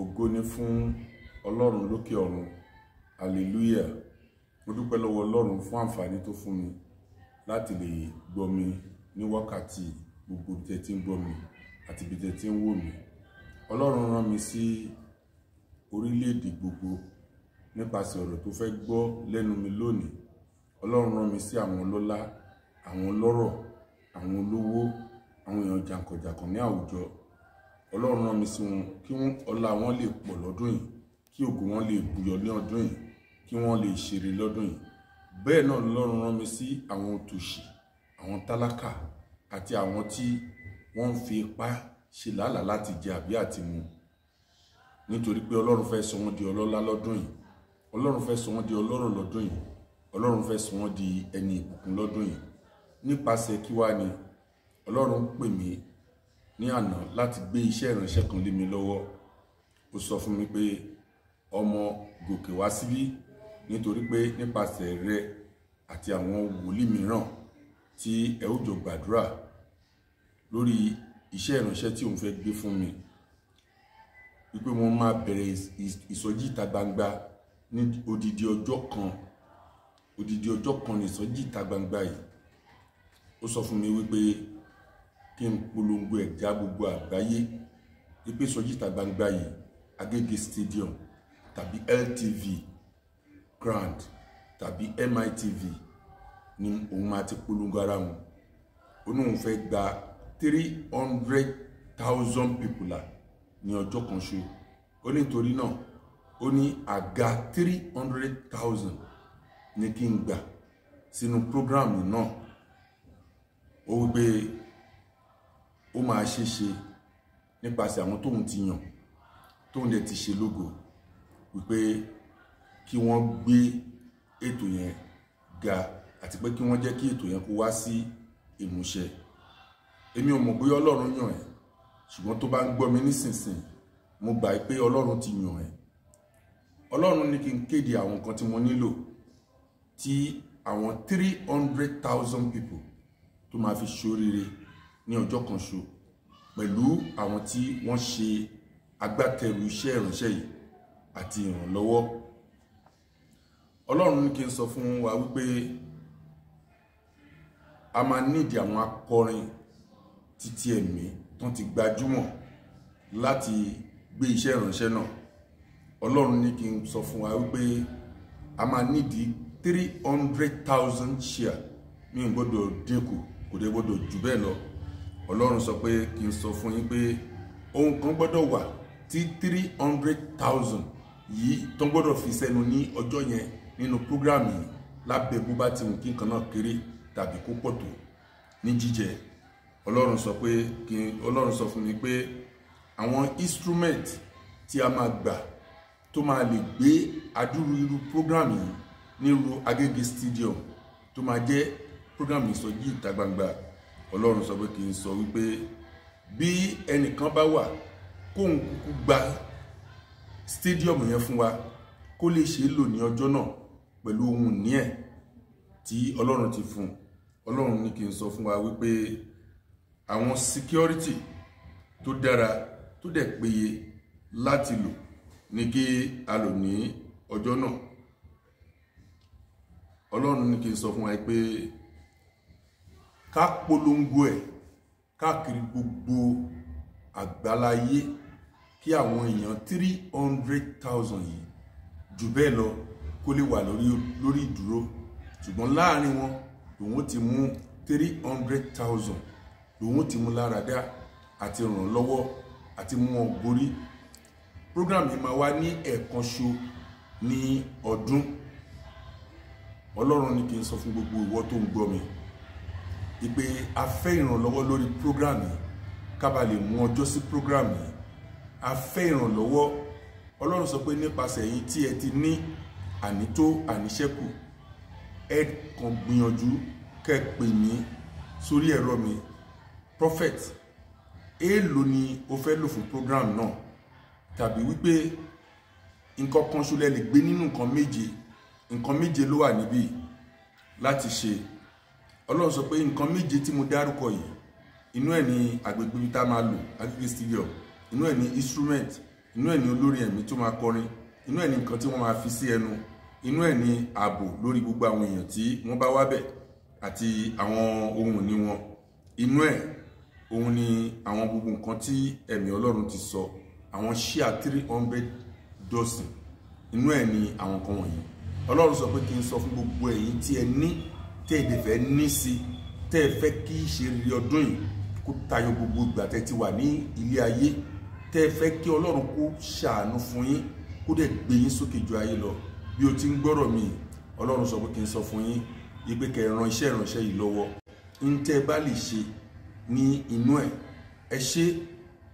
ògo ni fún ọlọ́run lókè ọ̀run hallelujah mo dúpẹ́ lọ́wọ́ ọlọ́run fún àǹfààní tó fún mi láti lè gbọ́ mi ní wákàtí gbogbo bí tẹ́ ti ń gbọ́ mi àti bí tẹ́ ti ń wò mí ọlọ́run rán mi sí orílẹ̀-èdè gbogbo nípasẹ̀ ọ̀rọ̀ tó fẹ́ gbọ́ lẹ́nu mi lónìí ọlọ́run rán mi sí àwọn ọlọ́lá àwọn ọlọ́rọ̀ àwọn olówó àwọn èèyàn jàǹkànjàǹkàn ní àwùjọ ọlọ́run rán mi sí wọn kí ọlá wọn lè pọ̀ lọ́dún yìí kí ògo wọn lè bùyọ ní ọdún yìí kí wọ́n lè ṣeré lọ́dún yìí bẹ́ẹ̀ náà lọ́run rán mi sí àwọn tòṣì àwọn tálákà àti àwọn tí wọ́n ń fi ipá ṣe làálàá láti jẹ àbí àti mu nítorí pé ọlọ́run fẹ́ sọ wọ́n di ọlọ́lá lọ́dún yìí ọlọ́run fẹ́ sọ wọ́n di ọlọ́rọ̀ lọ́dún yìí ọlọ́run fẹ́ sọ wọ́n di ẹni ìbùkún lọ́dún yìí nípasẹ̀ kí wá ni ọlọ́run pè mí ní àná láti gbé iṣẹ́ ìránṣẹ́ kan lé mi lọ́wọ́ ó sọ fún mi pé ọmọ gòkè wá síbí nítorí pé nípasẹ̀ rẹ àti àwọn wòlíì mìíràn tí ẹ ó jọ gbàdúrà lórí iṣẹ́ ìránṣẹ́ tí òun fẹ́ gbé fún mi wípé wọ́n máa bẹ̀rẹ̀ ìsọjí ìta gbangba ní odidi ọjọ́ kan odidi ọjọ́ kan ní ìsọjí ìta gbangba yìí ó sọ fún mi wípé kí n polongo ẹ̀ já gbogbo àgbáyé ipe sọjí ìta gbangba yìí agége stadium tàbí LTV grand tàbí MITV ni òun máa ti polongo ara wọn onóhun fẹ́ gba three hundred thousand people la ní ọjọ́ kan ṣe ó nítorí náà ó ní àga three hundred thousand ní kí n gbà sínú program náà ó wípé ó máa ṣe ṣe nípasẹ̀ àwọn tóun ti yàn tóun dẹ̀ ti ṣe lógo wípé kí wọ́n gbé ètò yẹn ga àti pé kí wọ́n jẹ́ kí ètò yẹn kó wá sí ìmúṣẹ èmi ò mọ̀ bóyá ọlọ́run yàn ẹ́ ṣùgbọ́n tó bá ń gbọ́ mi nísinsìnyí mo gbà pé ọlọ́run ti yàn ẹ́ ọlọ́run ní kí n kéde àwọn nǹkan tí mo nílò tí àwọn three hundred thousand people tó máa fi ṣoríire ní ọjọ́ kan ṣo pẹ̀lú àwọn tí wọ́n ṣe agbátẹrù iṣẹ́ ìránṣẹ́ yìí àti ìrànlọ́wọ́ ọlọ́run ní kí n sọ fún wa wípé a máa nídìí àwọn akọrin títí ẹ̀mí tó ti gbajúmọ̀ láti gbé iṣẹ́ ìránṣẹ́ náà ọlọ́run ní kí n sọ fún wa wípé a máa nídìí three hundred thousand share mi ò gbọ́dọ̀ dínkù kò dé gbọ́dọ̀ jù bẹ́ẹ̀ lọ ọlọ́run sọ pé kí n sọ fún yín pé ohun kan gbọ́dọ̀ wà tí three hundred thousand yìí tó gbọ́dọ̀ fi sẹ́nu ní ọjọ́ yẹn nínú programme yìí lábẹ́ bó bá ti wù kí nǹkan náà kéré tàbí kó pọ̀ tó ní jíjẹ ọlọ́run sọ pé kí ọlọ́run sọ fún mi pé àwọn instrument tí a máa gbà tó máa lè gbé adúrú irú programme yìí nílùú Agége stadium tó máa jẹ́ programme ìsọjí ìta gbangba ọlọ́run sọ pé kì í sọ wípé bí ẹnìkan bá wà kóun kúkú gba stadium yẹn fún wa kó lè ṣe é lò ní ọjọ́ náà pẹ̀lú ohun ní ẹ̀ tí ọlọ́run ti fún ọlọ́run ní kí n sọ fún wa wípé àwọn security tó dára tó dẹ̀ péye láti lò ní kí a lò ní ọjọ́ náà ọlọ́run ní kí n sọ fún wa pé ká polongo ẹ̀ káàkiri gbogbo àgbáláyé kí àwọn èèyàn three hundred thousand yìí jù bẹ́ẹ̀ lọ kó lè wà lórí ìdúró ṣùgbọ́n láàrin wọn lòun ti mú three hundred thousand lòun ti mú láradá àti ràn lọ́wọ́ àti mú wọn borí program yìí máa wá ní ẹ̀ẹ̀kan ṣo ní ọdún ọlọ́run ni kí n sọ fún gbogbo ìwọ tó ń gbọ́ mi ìpè a fẹ́ ìrànlọ́wọ́ lórí program yìí ká ba lè mú ọjọ́ sí program yìí a fẹ́ ìrànlọ́wọ́ ọlọ́run sọ pé nípasẹ̀ yìí tí ẹ ti ní ànító àníṣẹ́kù ẹ kàn gbìyànjú kẹ́ ẹ pè mí sórí ẹ̀rọ mi prophet èèlò ni o fẹ́ lò fún program náà tàbí wípé nǹkan kan ṣolẹ́ lè gbé nínú nǹkan méje nǹkan méje ló wà níbí láti ṣe ọlọ́run sọ pé nǹkan méje tí mo dárúkọ yìí inú ẹ̀ ní agbègbè ibi tá a máa lò agbègbè stadium inú ẹ̀ ní instrument inú ẹ̀ ní olórin ẹ̀mí tó máa kọrin inú ẹ̀ ní nǹkan tí wọ́n máa fi sí ẹnu inú ẹ̀ ní ààbò lórí gbogbo àwọn èèyàn tí wọ́n bá wá bẹ̀ àti àwọn ohun ní wọn inú ẹ̀ òun ni àwọn gbogbo nǹkan tí ẹ̀mí ọlọ́run ti sọ àwọn ṣíà three hundred dozen inú ẹ̀ ní àwọn kan wọ̀nyí ọlọ́run sọ pé kí n sọ fún gbogbo ẹ̀yin tí ẹ ní tẹ́ ẹ̀ dẹ̀ fẹ́ ní sí tẹ́ ẹ fẹ́ kí ṣe rere ọdún yìí kó tayọ gbogbo ìgbà tẹ́ ti wà ní ilé ayé tẹ́ ẹ fẹ́ kí ọlọ́run kó ṣàánú fún yín kó dẹ̀ gbé yín sókè ju ayé lọ bí o ti ń gbọ́rọ̀ mi ọlọ́run sọ pé kí n sọ fún yín ipe kẹ́ ẹ ran iṣẹ́ ìránṣẹ́ yìí lọ́wọ́ ń tẹ́ ẹ bá lè ṣe ní inú ẹ̀ ẹ ṣe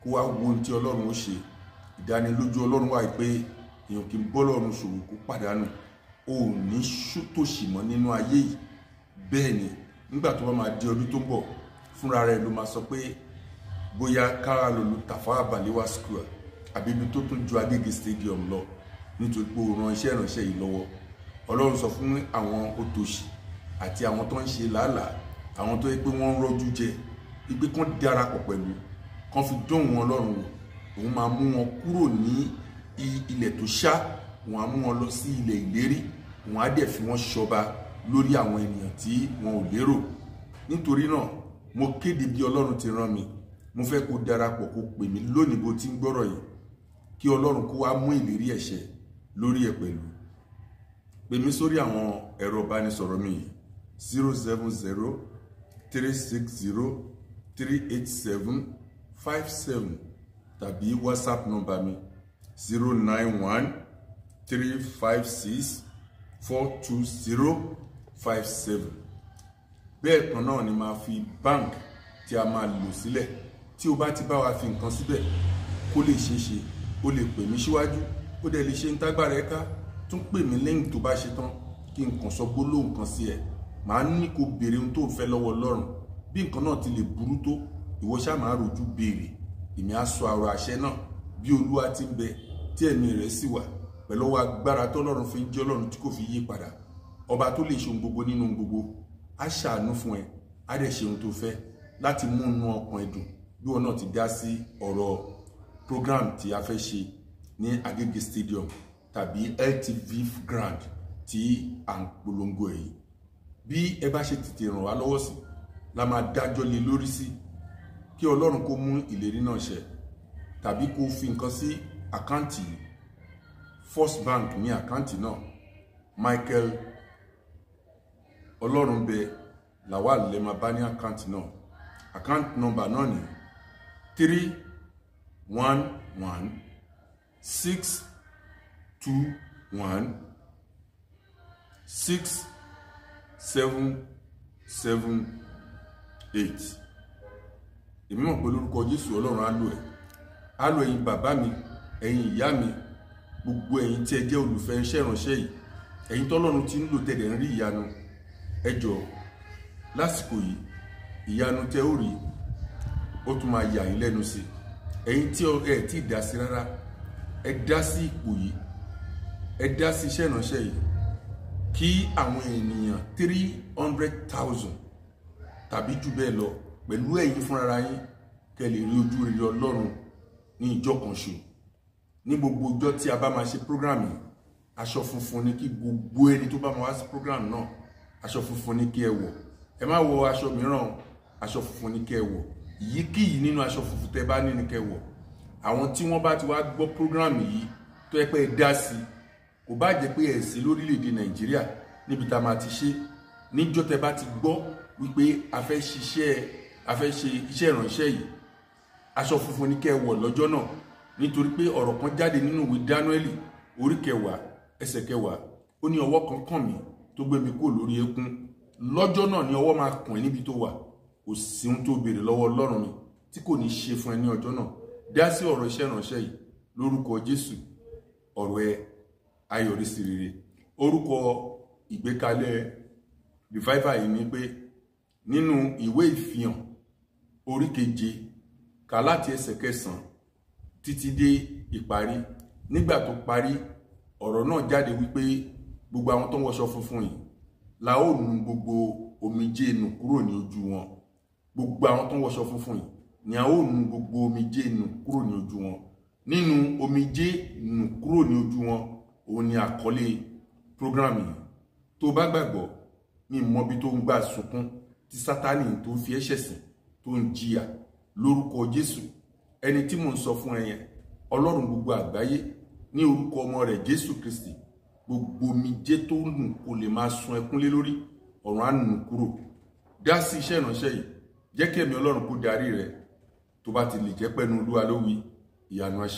kó wá wo ohun tí ọlọ́run ó ṣe ìdánilójú ọlọ́run wà pé èèyàn kì í bọ́ lọ́run ṣòwò kó pàdánù o ò ní tó ṣì mọ́ nínú ayé yìí bẹ́ẹ̀ ni nígbà tó bá máa di ọdún tó ń bọ̀ fúnra rẹ̀ ló máa sọ pé bóyá kára lòlù Tafawa Balewa square àbí ibi tó tún ju Agége stadium lọ nítorí pé ó ran iṣẹ́ ìránṣẹ́ yìí lọ́wọ́ Ọlọ́run sọ fún àwọn òtòṣì àti àwọn tó ń ṣe làálàá àwọn tó yẹ pé wọ́n ń rọ́jú jẹ ipe kan darapọ̀ pẹ̀lú kan fi dán òun Ọlọ́run wò òun máa mú wọn kúrò ní ilẹ̀ tó ṣá òun á mú wọn lọ sí ilẹ̀ ìlérí òun á dẹ̀ fi wọn ṣọba lórí àwọn ènìyàn tí wọn ò lérò nítorí náà mo kéde bí ọlọ́run ti rán mi mo fẹ́ kó darapọ̀ kó pè mí lónìí bó ti ń gbọ́rọ̀ yìí kí ọlọ́run kó wá mú ìlérí ẹ̀ṣẹ̀ lórí ẹ̀ pẹ̀lú pè mí sórí àwọn ẹ̀rọ ìbánisọ̀rọ̀ mi yìí zero seven zero three six zero three eight seven five seven tàbí whatsapp nọ́mbà mi zero nine one three five six four two zero five seven bẹ́ẹ̀ kan náà ni máa fi bank tí a máa lò sílẹ̀ tí o bá ti bá wa fi nǹkan síbẹ̀ kó lè ṣeé ṣe o lè pè mí síwájú ó dẹ̀ lè ṣe ń tágbára ẹ ká tún pè mí lẹ́yìn tó bá ṣe tán kí n kàn sọ gbólóhùn kan sí ẹ màá ní kó béèrè ohun tó ń fẹ́ lọ́wọ́ ọlọ́run bí nǹkan náà ti lè burú tó ìwọ ṣáà máa rojú béèrè èmi á sọ àrò àṣẹ náà bí olúwa ti ń bẹ tí ẹ̀mí rẹ̀ sì wà pẹ̀lú agbára tọ́lọ́run fi ń jẹ́ ọlọ́run tí kò fi yí padà ọba tó lè ṣe ohun gbogbo nínú ohun gbogbo á ṣàánú fún ẹ á dẹ̀ ṣe ohun tó fẹ́ láti mú inú ọkàn ẹ bí wọn náà ti dá sí ọ̀rọ̀ program tí a fẹ́ ṣe ní Agege stadium tàbí LTV grand tí à ń polongo ẹ̀ yìí bí ẹ bá ṣe tètè ràn wá lọ́wọ́ sí la máa dájọ́ lé lórí sí kí ọlọ́run kó mú ìlérí náà ṣẹ tàbí kó fi nǹkan sí àkáǹtì First Bank ní àkáǹtì náà Michael ọlọ́run bẹ lawal lè máa bá ní àkáǹtì náà àkáǹtì nọmbà náà ní three one one six two one six seven seven eight èmi mọ̀ pé lórúkọ jésù ọlọ́run á lò ẹ́ á lò ẹ̀yin bàbá mi ẹ̀yin ìyá mi gbogbo ẹ̀yin tí ẹ jẹ́ olùfẹ́ iṣẹ́ ìránṣẹ́ yìí ẹ̀yin tọ́lọ́run ti ń lò tẹ̀lé ń rí ìyanu ẹ jọ lásìkò yìí ìyanu tẹ ó rí ó tún máa yà yín lẹ́nu sí ẹ̀yin tí ẹ tí ì dá sí rárá ẹ dá sí ipò yìí ẹ dá sí iṣẹ́ ìránṣẹ́ yìí kí àwọn ènìyàn three hundred thousand tàbí jù bẹ́ẹ̀ lọ pẹ̀lú ẹ̀yin fúnra yín kẹ́ lè rí ojú rere Ọlọ́run ní ìjọ kan ṣo ní gbogbo ọjọ́ tí a bá máa ṣe program yìí aṣọ funfun ni kí gbogbo ẹni tó bá máa wá sí program náà aṣọ funfun ni kí ẹ wọ̀ ẹ má wọ aṣọ mìíràn aṣọ funfun ni kí ẹ wọ̀ ìyíkéyìí nínú aṣọ funfun tẹ bá ní ni kí ẹ wọ̀ àwọn tí wọ́n bá ti wá gbọ́ program yìí tó yẹ pé ẹ dá sí i kò bá jẹ́ pé ẹ sí lórílẹ̀ nàìjíríà níbi tá a máa ti ṣe níjọ́ tẹ bá ti gbọ́ wípé a fẹ́ ṣiṣẹ́ a fẹ́ ṣe iṣẹ́ ìránṣẹ́ yìí aṣọ funfun ni kẹ́ ẹ wọ̀ lọ́jọ́ náà nítorí pé ọ̀rọ̀ kan jáde nínú ìwé dáníẹ́lì orí kẹwàá ẹsẹ̀ kẹwàá ó ní ọwọ́ kan kàn mí tó gbé mi kó lórí eékún lọ́jọ́ náà ni ọwọ́ máa kàn ẹ́ níbi tó wà kò sí ohun tó béèrè lọ́wọ́ ọlọ́run ni tí kò ní ṣe fún ẹ ní ọjọ́ náà dá sí ọ̀rọ̀ iṣẹ́ ìránṣẹ́ yìí lórúkọ jésù ọ̀rọ̀ ẹ ayọ̀rísí rere orúkọ ìgbékalẹ̀ revival yìí ni pé nínú ìwé ìfihàn orí keje kà láti ẹsẹ̀ kẹsàn títí dé ìparí nígbà tó parí ọ̀rọ̀ náà jáde wípé gbogbo àwọn tó ń wọṣọ funfun yìí la ó nu gbogbo omijé nù kúrò ní ojú wọn gbogbo àwọn tó ń wọṣọ funfun yìí ni a ó nu gbogbo omijé nù kúrò ní ojú wọn nínú omijé nù kúrò ní ojú wọn òun ni àkọlé program yìí tó bá gbàgbọ́ mi mọbi tó ń gbà sunkún tí sátani tó fi ẹ̀ṣẹ̀ sìn tó ń jìyà lórúkọ jésù ẹni tí mò ń sọ fún ẹ yẹn ọlọ́run gbogbo àgbáyé ní orúkọ ọmọ rẹ̀ jésù kristi gbogbo omijé tó nù kò lè máa sun ẹkún lórí ọ̀run á nù kúrò dá sí iṣẹ́ ìránṣẹ́ yìí jẹ́ kí ẹ̀mí ọlọ́run kó darí rẹ tó bá ti lè jẹ́ pẹ́nu olúwa ló ìyanu á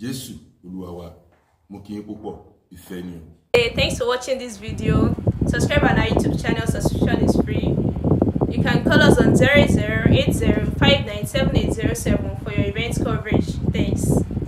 jésù olúwa wa mo kí yín púpọ̀ ìfẹ́ ni o. hey thanks for watching this video subscribe on our youtube channel subscription is free you can call us on zero zero eight zero five nine seven eight zero seven for your event coverage thanks.